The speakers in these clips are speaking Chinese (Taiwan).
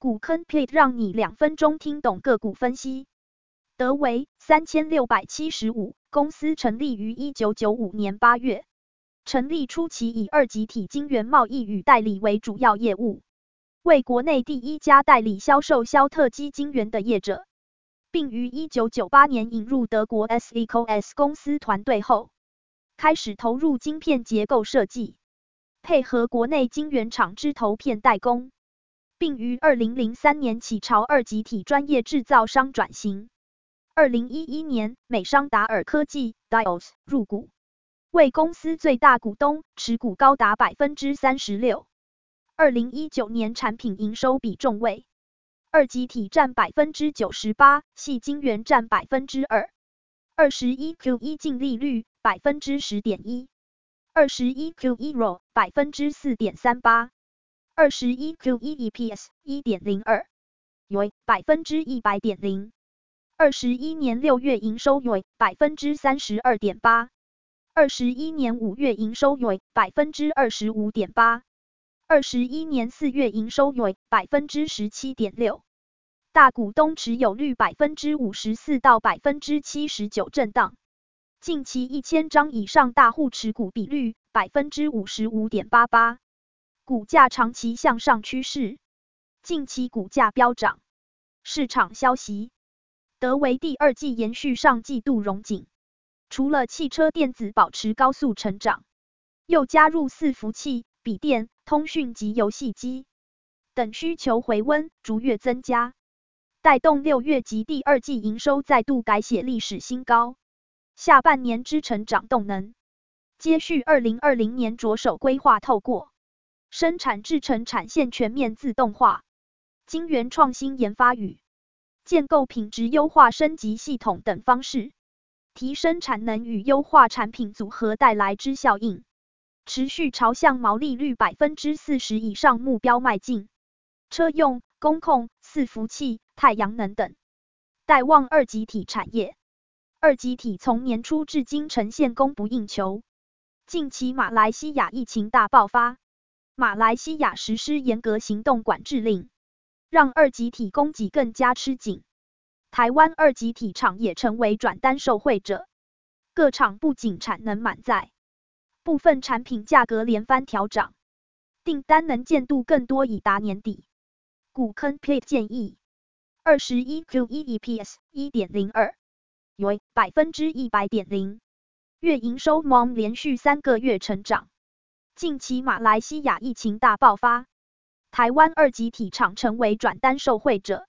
股坑 pit 讓你兩分鐘聽懂個股分析。德微三千六百七十五，公司成立於一九九五年八月，成立初期以二極體晶圓貿易與代理為主要業務，為國內第一家代理銷售肖特基晶圓的業者，並於一九九八年引入德國 SECOS 公司團隊後，開始投入晶片結構設計，配合國內晶圓廠之投片代工。並於二零零三年起朝二極體專業製造商轉型。二零一一年，美商達爾科技 （Diodes） 入股，為公司最大股東，持股高達百分之三十六。二零一九年產品營收比重為二極體占百分之九十八，矽晶圓占百分之二。二十一 Q 一、e、淨利率百分之十點一，二十一 Q 一 ROE 百分之四點三八。二十一 Q1 EPS 一點零二 YoY，百分之一百點零。二十一年六月營收 YoY 百分之三十二點八，二十一年五月營收 YoY 百分之二十五點八，二十一年四月營收 YoY 百分之十七點六。大股東持有率百分之五十四到百分之七十九震盪，近期一千張以上大戶持股比率百分之五十五點八八。股價長期向上趨勢，近期股價飆漲。市場消息，德微第二季延續上季度榮景，除了汽車電子保持高速成長，又加入伺服器、筆電、通訊及遊戲機等需求回溫，逐月增加，帶動六月及第二季營收再度改寫歷史新高，下半年之成長動能，接續二零二零年着手規劃，透過。生產製程產線全面自動化，晶圓創新研發與建構品質優化升級系統等方式，提升產能與優化產品組合帶來之效應，持續朝向毛利率百分之四十以上目標邁進。車用、工控、伺服器、太陽能等帶旺二極體產業，二極體從年初至今呈現供不應求。近期馬來西亞疫情大爆發。馬來西亞實施嚴格行動管制令，讓二極體供給更加吃緊。台灣二極體廠也成為轉單受惠者，各廠不僅產能滿載，部分產品價格連番調漲，訂單能見度更多已達年底。股坑 p l a t 建議，二十一 Q 一 EPS 一點零二 YoY 百分之一百點零，月營收 mom 連續三個月成長。近期馬來西亞疫情大爆發，台灣二級體二極體廠成為轉單受惠者，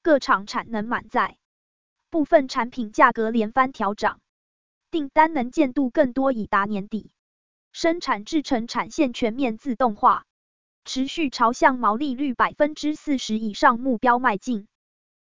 各廠產能滿載，部分產品價格連番調漲，訂單能見度更多已達年底，生產製程產線全面自動化，持續朝向毛利率百分之四十以上目標邁進。